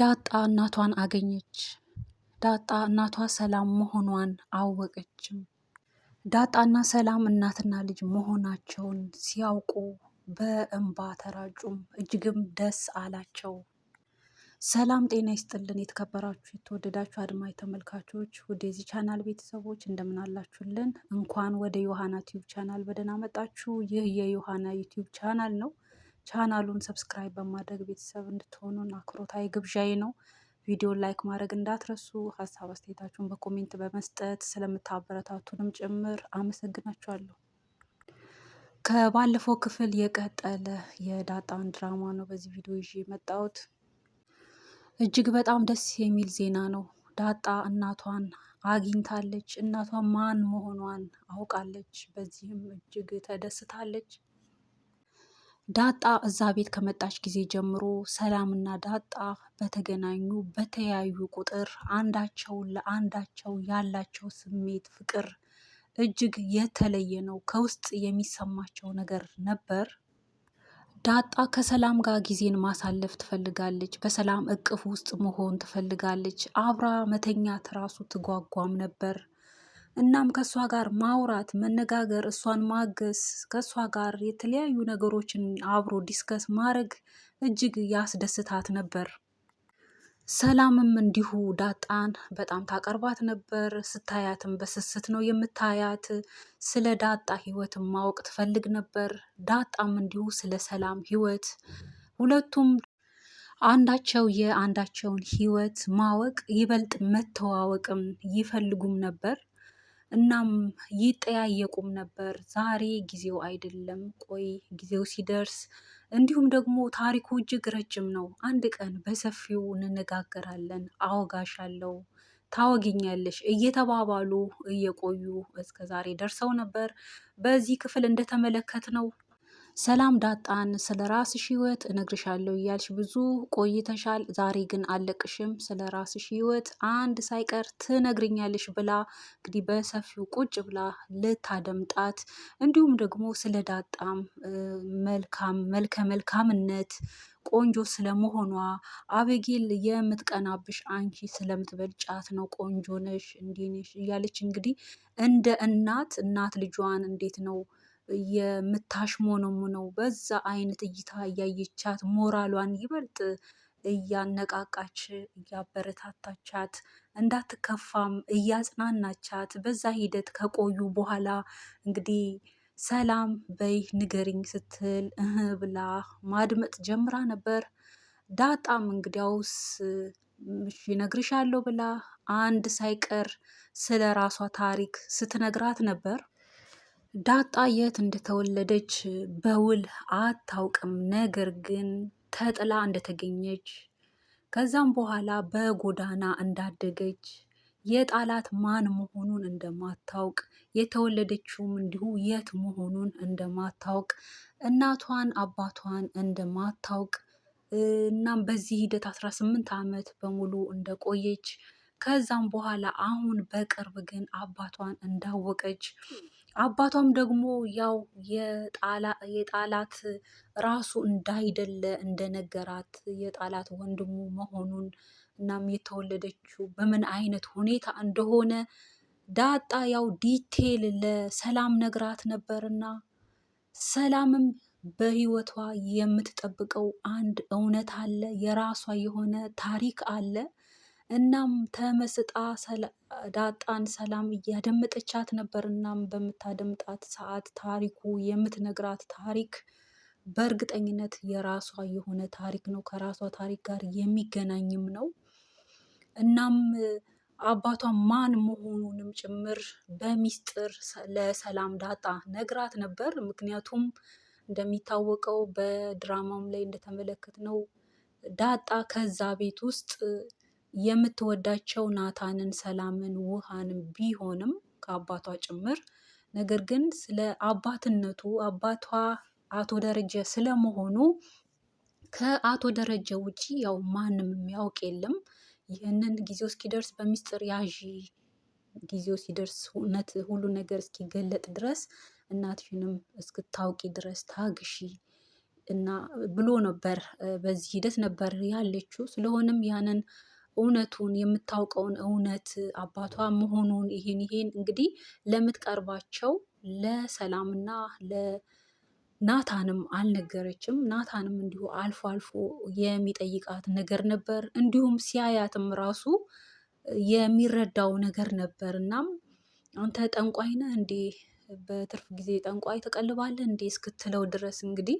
ዳጣ እናቷን አገኘች። ዳጣ እናቷ ሰላም መሆኗን አወቀችም። ዳጣና ሰላም እናትና ልጅ መሆናቸውን ሲያውቁ በእንባ ተራጩም፣ እጅግም ደስ አላቸው። ሰላም ጤና ይስጥልን። የተከበራችሁ የተወደዳችሁ አድማጭ ተመልካቾች ወደ ዚህ ቻናል ቤተሰቦች እንደምን አላችሁልን? እንኳን ወደ ዮሐና ዩቲዩብ ቻናል በደህና መጣችሁ። ይህ የዮሐና ዩቲዩብ ቻናል ነው። ቻናሉን ሰብስክራይብ በማድረግ ቤተሰብ እንድትሆኑ አክብሮታዊ ግብዣዬ ነው። ቪዲዮ ላይክ ማድረግ እንዳትረሱ፣ ሀሳብ አስተያየታችሁን በኮሜንት በመስጠት ስለምታበረታቱንም ጭምር አመሰግናችኋለሁ። ከባለፈው ክፍል የቀጠለ የዳጣን ድራማ ነው በዚህ ቪዲዮ ይዤ የመጣሁት። እጅግ በጣም ደስ የሚል ዜና ነው። ዳጣ እናቷን አግኝታለች። እናቷ ማን መሆኗን አውቃለች። በዚህም እጅግ ተደስታለች። ዳጣ እዛ ቤት ከመጣች ጊዜ ጀምሮ ሰላምና ዳጣ በተገናኙ በተያዩ ቁጥር አንዳቸው ለአንዳቸው ያላቸው ስሜት ፍቅር እጅግ የተለየ ነው። ከውስጥ የሚሰማቸው ነገር ነበር። ዳጣ ከሰላም ጋር ጊዜን ማሳለፍ ትፈልጋለች። በሰላም እቅፍ ውስጥ መሆን ትፈልጋለች። አብራ መተኛት ራሱ ትጓጓም ነበር። እናም ከእሷ ጋር ማውራት፣ መነጋገር፣ እሷን ማገስ ከእሷ ጋር የተለያዩ ነገሮችን አብሮ ዲስከስ ማድረግ እጅግ ያስደስታት ነበር። ሰላምም እንዲሁ ዳጣን በጣም ታቀርባት ነበር። ስታያትም በስስት ነው የምታያት። ስለ ዳጣ ሕይወትም ማወቅ ትፈልግ ነበር። ዳጣም እንዲሁ ስለ ሰላም ሕይወት ሁለቱም አንዳቸው የአንዳቸውን ሕይወት ማወቅ ይበልጥ መተዋወቅም ይፈልጉም ነበር። እናም ይጠያየቁም ነበር። ዛሬ ጊዜው አይደለም፣ ቆይ ጊዜው ሲደርስ እንዲሁም ደግሞ ታሪኩ እጅግ ረጅም ነው። አንድ ቀን በሰፊው እንነጋገራለን፣ አወጋሻለሁ፣ ታወጊኛለሽ እየተባባሉ እየቆዩ እስከ ዛሬ ደርሰው ነበር። በዚህ ክፍል እንደተመለከት ነው ሰላም ዳጣን ስለ ራስሽ ህይወት እነግርሻለሁ እያልሽ ብዙ ቆይተሻል፣ ዛሬ ግን አለቅሽም፣ ስለ ራስሽ ህይወት አንድ ሳይቀር ትነግርኛለሽ ብላ እንግዲህ በሰፊው ቁጭ ብላ ልታደምጣት እንዲሁም ደግሞ ስለ ዳጣም መልካም መልከ መልካምነት ቆንጆ ስለመሆኗ አቤጌል የምትቀናብሽ አንቺ ስለምትበልጫት ነው። ቆንጆ ነሽ፣ እንዲህ ነሽ እያለች እንግዲህ እንደ እናት እናት ልጇን እንዴት ነው የምታሽ የምታሽሞነሙነው በዛ አይነት እይታ እያየቻት ሞራሏን ይበልጥ እያነቃቃች እያበረታታቻት እንዳትከፋም እያጽናናቻት በዛ ሂደት ከቆዩ በኋላ እንግዲህ ሰላም በይ ንገሪኝ ስትል እህ ብላ ማድመጥ ጀምራ ነበር። ዳጣም እንግዲያውስ እሺ እነግርሻለሁ ብላ አንድ ሳይቀር ስለ ራሷ ታሪክ ስትነግራት ነበር። ዳጣ የት እንደተወለደች በውል አታውቅም። ነገር ግን ተጥላ እንደተገኘች ከዛም በኋላ በጎዳና እንዳደገች የጣላት ማን መሆኑን እንደማታውቅ የተወለደችውም እንዲሁ የት መሆኑን እንደማታውቅ እናቷን አባቷን እንደማታውቅ እናም በዚህ ሂደት 18 ዓመት በሙሉ እንደቆየች ከዛም በኋላ አሁን በቅርብ ግን አባቷን እንዳወቀች አባቷም ደግሞ ያው የጣላት ራሱ እንዳይደለ እንደነገራት የጣላት ወንድሙ መሆኑን እናም የተወለደችው በምን አይነት ሁኔታ እንደሆነ ዳጣ ያው ዲቴል ለሰላም ነግራት ነበርና ሰላምም በህይወቷ የምትጠብቀው አንድ እውነት አለ፣ የራሷ የሆነ ታሪክ አለ። እናም ተመስጣ ዳጣን ሰላም እያደመጠቻት ነበር። እናም በምታደምጣት ሰዓት ታሪኩ የምትነግራት ታሪክ በእርግጠኝነት የራሷ የሆነ ታሪክ ነው፣ ከራሷ ታሪክ ጋር የሚገናኝም ነው። እናም አባቷ ማን መሆኑንም ጭምር በሚስጥር ለሰላም ዳጣ ነግራት ነበር። ምክንያቱም እንደሚታወቀው በድራማውም ላይ እንደተመለከትነው ዳጣ ከዛ ቤት ውስጥ የምትወዳቸው ናታንን፣ ሰላምን፣ ውሃንም ቢሆንም ከአባቷ ጭምር ነገር ግን ስለ አባትነቱ አባቷ አቶ ደረጀ ስለመሆኑ ከአቶ ደረጀ ውጪ ያው ማንም የሚያውቅ የለም። ይህንን ጊዜው እስኪደርስ በሚስጥር ያዢ፣ ጊዜው ሲደርስ እውነት ሁሉ ነገር እስኪገለጥ ድረስ እናትሽንም እስክታውቂ ድረስ ታግሺ እና ብሎ ነበር። በዚህ ሂደት ነበር ያለችው። ስለሆነም ያንን እውነቱን የምታውቀውን እውነት አባቷ መሆኑን ይሄን ይሄን እንግዲህ ለምትቀርባቸው ለሰላምና ለናታንም አልነገረችም። ናታንም እንዲሁ አልፎ አልፎ የሚጠይቃት ነገር ነበር። እንዲሁም ሲያያትም ራሱ የሚረዳው ነገር ነበር። እናም አንተ ጠንቋይ ነህ እንዴ? በትርፍ ጊዜ ጠንቋይ ተቀልባለ እንዴ? እስክትለው ድረስ እንግዲህ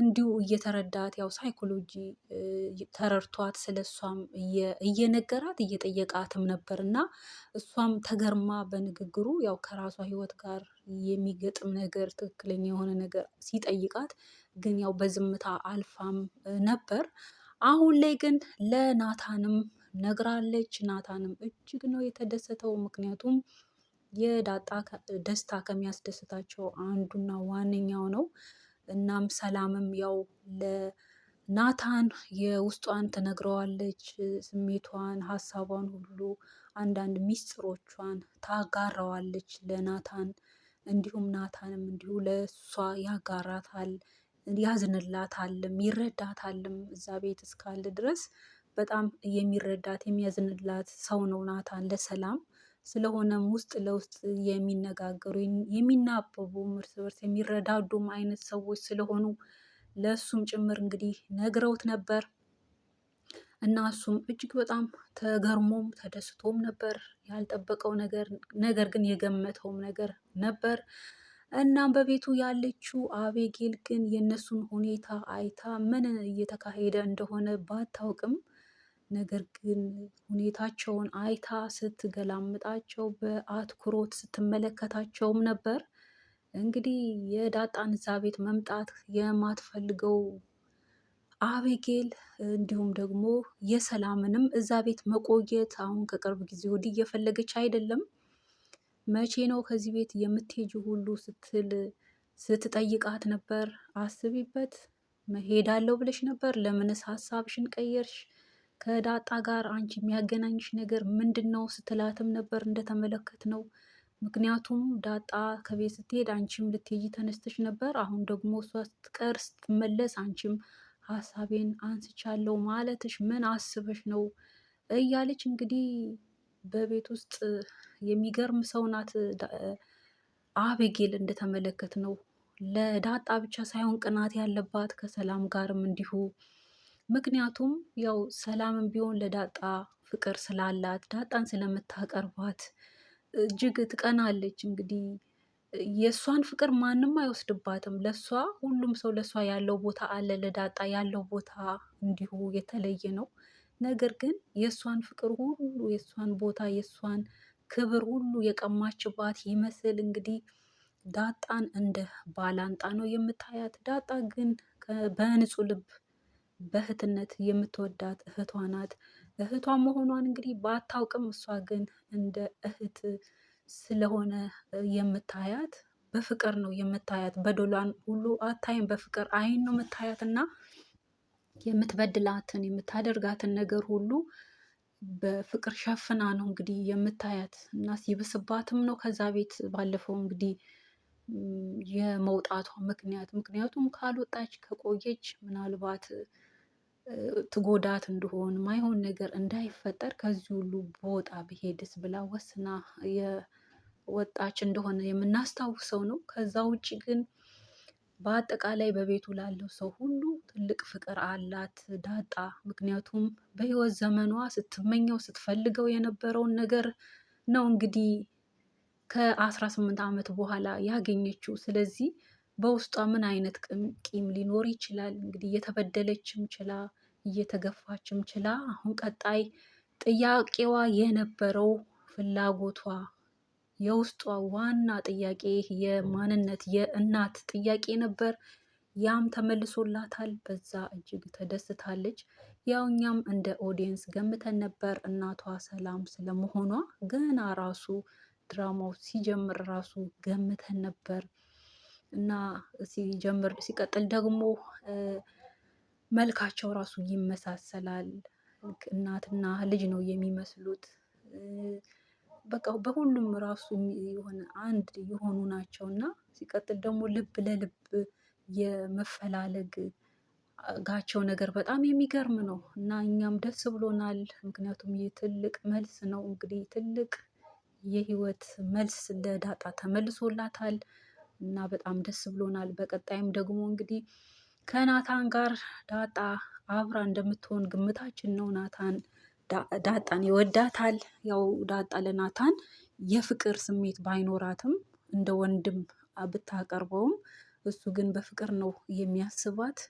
እንዲሁ እየተረዳት ያው ሳይኮሎጂ ተረድቷት ስለሷም እየነገራት እየጠየቃትም ነበር እና እሷም ተገርማ በንግግሩ ያው ከራሷ ሕይወት ጋር የሚገጥም ነገር ትክክለኛ የሆነ ነገር ሲጠይቃት ግን ያው በዝምታ አልፋም ነበር። አሁን ላይ ግን ለናታንም ነግራለች። ናታንም እጅግ ነው የተደሰተው። ምክንያቱም የዳጣ ደስታ ከሚያስደስታቸው አንዱና ዋነኛው ነው። እናም ሰላምም ያው ለናታን የውስጧን ትነግረዋለች፣ ስሜቷን፣ ሀሳቧን ሁሉ አንዳንድ ሚስጥሮቿን ታጋራዋለች ለናታን። እንዲሁም ናታንም እንዲሁ ለእሷ ያጋራታል፣ ያዝንላታልም፣ ይረዳታልም። እዛ ቤት እስካለ ድረስ በጣም የሚረዳት የሚያዝንላት ሰው ነው ናታን ለሰላም ስለሆነም ውስጥ ለውስጥ የሚነጋገሩ የሚናበቡ እርስ በርስ የሚረዳዱም አይነት ሰዎች ስለሆኑ ለእሱም ጭምር እንግዲህ ነግረውት ነበር እና እሱም እጅግ በጣም ተገርሞም ተደስቶም ነበር። ያልጠበቀው ነገር ነገር ግን የገመተውም ነገር ነበር። እናም በቤቱ ያለችው አቤጌል ግን የእነሱን ሁኔታ አይታ ምን እየተካሄደ እንደሆነ ባታውቅም ነገር ግን ሁኔታቸውን አይታ ስትገላምጣቸው በአትኩሮት ስትመለከታቸውም ነበር። እንግዲህ የዳጣን እዛ ቤት መምጣት የማትፈልገው አቤጌል እንዲሁም ደግሞ የሰላምንም እዛ ቤት መቆየት አሁን ከቅርብ ጊዜ ወዲህ እየፈለገች አይደለም። መቼ ነው ከዚህ ቤት የምትሄጂ ሁሉ ስትል ስትጠይቃት ነበር። አስቢበት፣ መሄዳለሁ ብለሽ ነበር፣ ለምንስ ሀሳብሽን ቀየርሽ? ከዳጣ ጋር አንቺ የሚያገናኝሽ ነገር ምንድን ነው ስትላትም ነበር እንደተመለከት ነው። ምክንያቱም ዳጣ ከቤት ስትሄድ አንቺም ልትሄጂ ተነስተሽ ነበር። አሁን ደግሞ እሷ ስትቀር ስትመለስ አንቺም ሀሳቤን አንስቻለሁ ማለትሽ ምን አስበሽ ነው እያለች እንግዲህ በቤት ውስጥ የሚገርም ሰው ናት አቤጌል እንደተመለከት ነው። ለዳጣ ብቻ ሳይሆን ቅናት ያለባት ከሰላም ጋርም እንዲሁ ምክንያቱም ያው ሰላምን ቢሆን ለዳጣ ፍቅር ስላላት ዳጣን ስለምታቀርባት እጅግ ትቀናለች። እንግዲህ የእሷን ፍቅር ማንም አይወስድባትም። ለእሷ ሁሉም ሰው ለእሷ ያለው ቦታ አለ። ለዳጣ ያለው ቦታ እንዲሁ የተለየ ነው። ነገር ግን የእሷን ፍቅር ሁሉ የእሷን ቦታ የእሷን ክብር ሁሉ የቀማችባት ይመስል እንግዲህ ዳጣን እንደ ባላንጣ ነው የምታያት። ዳጣ ግን በንጹህ ልብ በእህትነት የምትወዳት እህቷ ናት። እህቷ መሆኗን እንግዲህ ባታውቅም እሷ ግን እንደ እህት ስለሆነ የምታያት በፍቅር ነው የምታያት። በዶላን ሁሉ አታይም፣ በፍቅር አይን ነው የምታያት እና የምትበድላትን የምታደርጋትን ነገር ሁሉ በፍቅር ሸፍና ነው እንግዲህ የምታያት እና ሲብስባትም ነው ከዛ ቤት ባለፈው እንግዲህ የመውጣቷ ምክንያት ምክንያቱም ካልወጣች ከቆየች ምናልባት ትጎዳት እንደሆን ማይሆን ነገር እንዳይፈጠር ከዚህ ሁሉ በወጣ ብሄድስ ብላ ወስና የወጣች እንደሆነ የምናስታውሰው ነው። ከዛ ውጭ ግን በአጠቃላይ በቤቱ ላለው ሰው ሁሉ ትልቅ ፍቅር አላት ዳጣ። ምክንያቱም በህይወት ዘመኗ ስትመኘው ስትፈልገው የነበረውን ነገር ነው እንግዲህ ከአስራ ስምንት ዓመት በኋላ ያገኘችው። ስለዚህ በውስጧ ምን አይነት ቂም ሊኖር ይችላል? እንግዲህ እየተበደለችም ችላ እየተገፋችም ችላ አሁን ቀጣይ ጥያቄዋ የነበረው ፍላጎቷ የውስጧ ዋና ጥያቄ የማንነት የእናት ጥያቄ ነበር። ያም ተመልሶላታል። በዛ እጅግ ተደስታለች። ያው እኛም እንደ ኦዲየንስ ገምተን ነበር እናቷ ሰላም ስለመሆኗ ገና ራሱ ድራማው ሲጀምር ራሱ ገምተን ነበር እና ሲጀምር ሲቀጥል ደግሞ መልካቸው ራሱ ይመሳሰላል። እናትና ልጅ ነው የሚመስሉት። በቃ በሁሉም ራሱ የሆነ አንድ የሆኑ ናቸው እና ሲቀጥል ደግሞ ልብ ለልብ የመፈላለግ ጋቸው ነገር በጣም የሚገርም ነው እና እኛም ደስ ብሎናል። ምክንያቱም ይህ ትልቅ መልስ ነው እንግዲህ ትልቅ የህይወት መልስ ለዳጣ ተመልሶላታል እና በጣም ደስ ብሎናል። በቀጣይም ደግሞ እንግዲህ ከናታን ጋር ዳጣ አብራ እንደምትሆን ግምታችን ነው። ናታን ዳጣን ይወዳታል። ያው ዳጣ ለናታን የፍቅር ስሜት ባይኖራትም እንደ ወንድም ብታቀርበውም እሱ ግን በፍቅር ነው የሚያስባት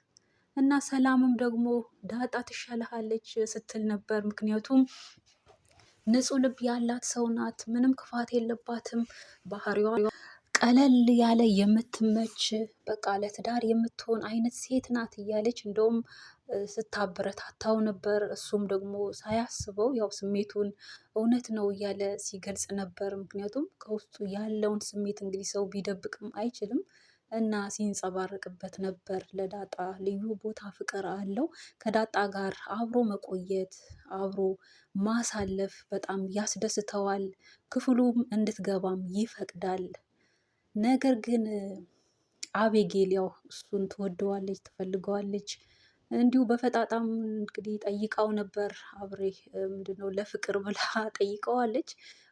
እና ሰላምም ደግሞ ዳጣ ትሻልሃለች ስትል ነበር። ምክንያቱም ንጹሕ ልብ ያላት ሰው ናት። ምንም ክፋት የለባትም ባህሪዋ ቀለል ያለ የምትመች በቃ ለትዳር የምትሆን አይነት ሴት ናት እያለች እንደውም ስታበረታታው ነበር። እሱም ደግሞ ሳያስበው ያው ስሜቱን እውነት ነው እያለ ሲገልጽ ነበር። ምክንያቱም ከውስጡ ያለውን ስሜት እንግዲህ ሰው ቢደብቅም አይችልም እና ሲንጸባረቅበት ነበር። ለዳጣ ልዩ ቦታ ፍቅር አለው። ከዳጣ ጋር አብሮ መቆየት አብሮ ማሳለፍ በጣም ያስደስተዋል። ክፍሉም እንድትገባም ይፈቅዳል። ነገር ግን አቤጌል ያው እሱን ትወደዋለች፣ ትፈልገዋለች። እንዲሁ በፈጣጣም እንግዲህ ጠይቃው ነበር። አብሬ ምንድነው ለፍቅር ብላ ጠይቀዋለች፣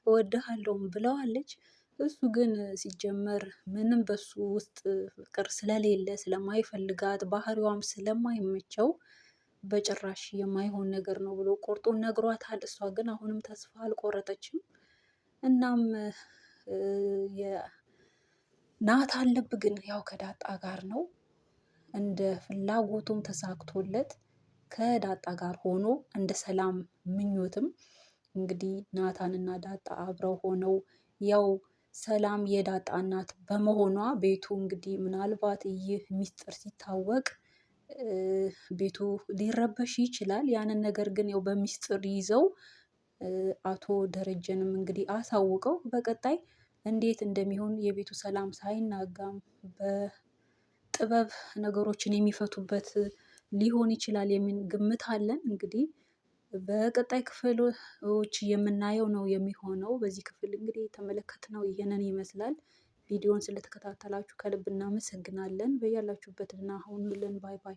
እወድሃለሁም ብለዋለች። እሱ ግን ሲጀመር ምንም በሱ ውስጥ ፍቅር ስለሌለ ስለማይፈልጋት፣ ባህሪዋም ስለማይመቸው በጭራሽ የማይሆን ነገር ነው ብሎ ቆርጦ ነግሯታል። እሷ ግን አሁንም ተስፋ አልቆረጠችም። እናም ናታን ልብ ግን ያው ከዳጣ ጋር ነው። እንደ ፍላጎቱም ተሳክቶለት ከዳጣ ጋር ሆኖ እንደ ሰላም ምኞትም እንግዲህ ናታንና ዳጣ አብረው ሆነው ያው ሰላም የዳጣ እናት በመሆኗ ቤቱ እንግዲህ ምናልባት ይህ ሚስጥር ሲታወቅ ቤቱ ሊረበሽ ይችላል። ያንን ነገር ግን ያው በሚስጥር ይዘው አቶ ደረጀንም እንግዲህ አሳውቀው በቀጣይ እንዴት እንደሚሆን የቤቱ ሰላም ሳይናጋም በጥበብ ነገሮችን የሚፈቱበት ሊሆን ይችላል የሚል ግምት አለን። እንግዲህ በቀጣይ ክፍሎች የምናየው ነው የሚሆነው። በዚህ ክፍል እንግዲህ የተመለከትነው ይህንን ይመስላል። ቪዲዮውን ስለተከታተላችሁ ከልብ እናመሰግናለን። በያላችሁበት ደህና ሁኑልን። ባይ ባይ።